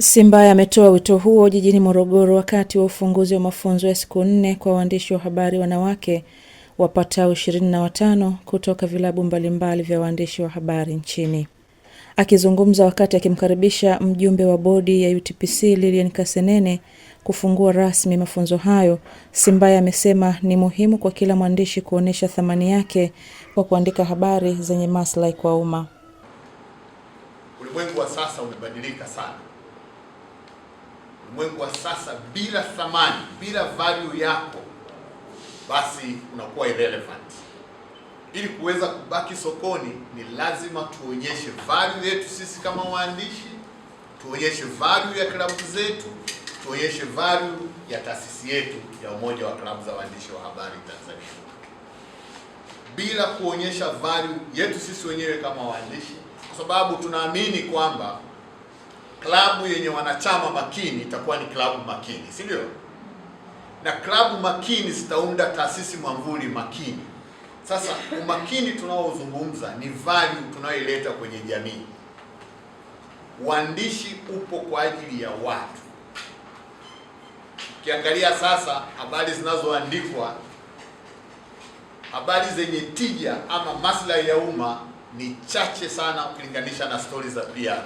Simbaya ametoa wito huo jijini Morogoro wakati wa ufunguzi wa mafunzo ya siku nne kwa waandishi wa habari wanawake wapatao ishirini na watano kutoka vilabu mbalimbali vya waandishi wa habari nchini. Akizungumza wakati akimkaribisha mjumbe wa bodi ya UTPC Lilian Kasenene kufungua rasmi mafunzo hayo, Simbaya amesema ni muhimu kwa kila mwandishi kuonyesha thamani yake kwa kuandika habari zenye maslahi kwa umma. Ulimwengu wa sasa umebadilika sana ulimwengu wa sasa bila thamani, bila value yako, basi unakuwa irrelevant. Ili kuweza kubaki sokoni, ni lazima tuonyeshe value yetu sisi kama waandishi, tuonyeshe value ya klabu zetu, tuonyeshe value ya taasisi yetu ya Umoja wa Klabu za Waandishi wa Habari Tanzania. Bila kuonyesha value yetu sisi wenyewe kama waandishi, kwa sababu tunaamini kwamba klabu yenye wanachama makini itakuwa ni klabu makini, si ndio? Na klabu makini zitaunda taasisi mwamvuli makini. Sasa umakini tunaozungumza ni value tunayoileta kwenye jamii. Uandishi upo kwa ajili ya watu. Ukiangalia sasa habari zinazoandikwa, habari zenye tija ama maslahi ya umma ni chache sana, ukilinganisha na stori za PR.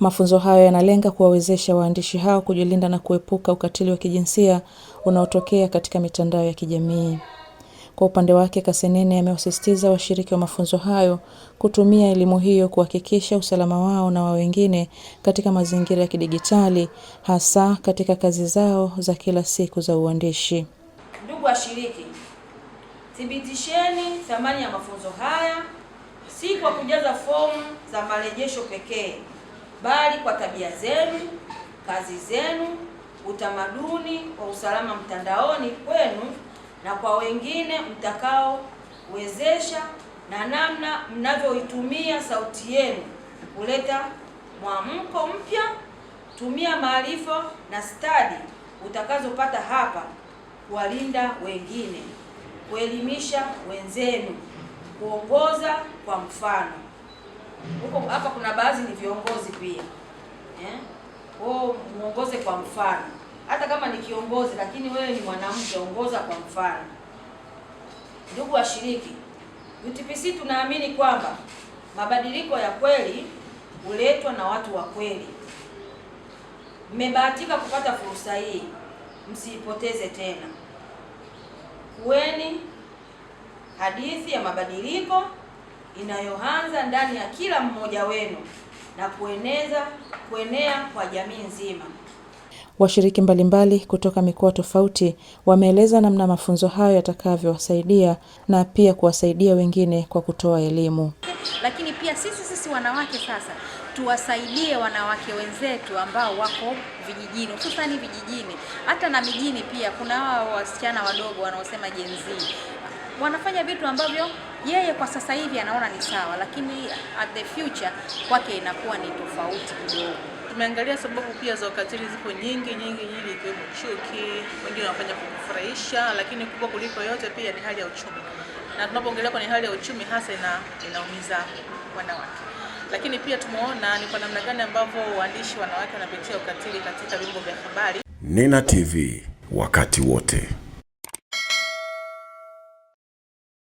Mafunzo hayo yanalenga kuwawezesha waandishi hao kujilinda na kuepuka ukatili wa kijinsia unaotokea katika mitandao ya kijamii. Kwa upande wake, Kasenene amewasisitiza washiriki wa mafunzo hayo kutumia elimu hiyo kuhakikisha usalama wao na wa wengine katika mazingira ya kidijitali, hasa katika kazi zao za kila siku za uandishi. Ndugu washiriki, thibitisheni thamani ya mafunzo haya si kwa kujaza fomu za marejesho pekee bali kwa tabia zenu, kazi zenu, utamaduni wa usalama mtandaoni kwenu na kwa wengine mtakaowezesha, na namna mnavyoitumia sauti yenu kuleta mwamko mpya. Tumia maarifa na stadi utakazopata hapa kuwalinda wengine, kuelimisha wenzenu, kuongoza kwa mfano huko hapa kuna baadhi ni viongozi pia eh? Oh, muongoze kwa mfano, hata kama ni kiongozi lakini wewe ni mwanamke, ongoza kwa mfano. Ndugu washiriki, UTPC tunaamini kwamba mabadiliko ya kweli huletwa na watu wa kweli. Mmebahatika kupata fursa hii, msiipoteze tena. Kuweni hadithi ya mabadiliko inayoanza ndani ya kila mmoja wenu na kueneza kuenea kwa jamii nzima. Washiriki mbalimbali kutoka mikoa tofauti wameeleza namna mafunzo hayo yatakavyowasaidia na pia kuwasaidia wengine kwa kutoa elimu. Lakini pia sisi sisi wanawake sasa tuwasaidie wanawake wenzetu ambao wako vijijini, hususani vijijini, hata na mijini pia. Kuna hawa wasichana wadogo wanaosema jenzi, wanafanya vitu ambavyo yeye kwa sasa hivi anaona ni sawa, lakini at the future kwake inakuwa ni tofauti kidogo. Tumeangalia sababu pia za ukatili zipo nyingi nyingi nyingi, ikiwemo chuki, wengine wanafanya kufurahisha, lakini kubwa kuliko yote pia ni hali ya uchumi, na tunapoongelea kwenye hali ya uchumi hasa ina, inaumiza wanawake lakini pia tumeona ni kwa namna gani ambavyo waandishi wanawake wanapitia ukatili katika vyombo vya habari. Nina TV wakati wote.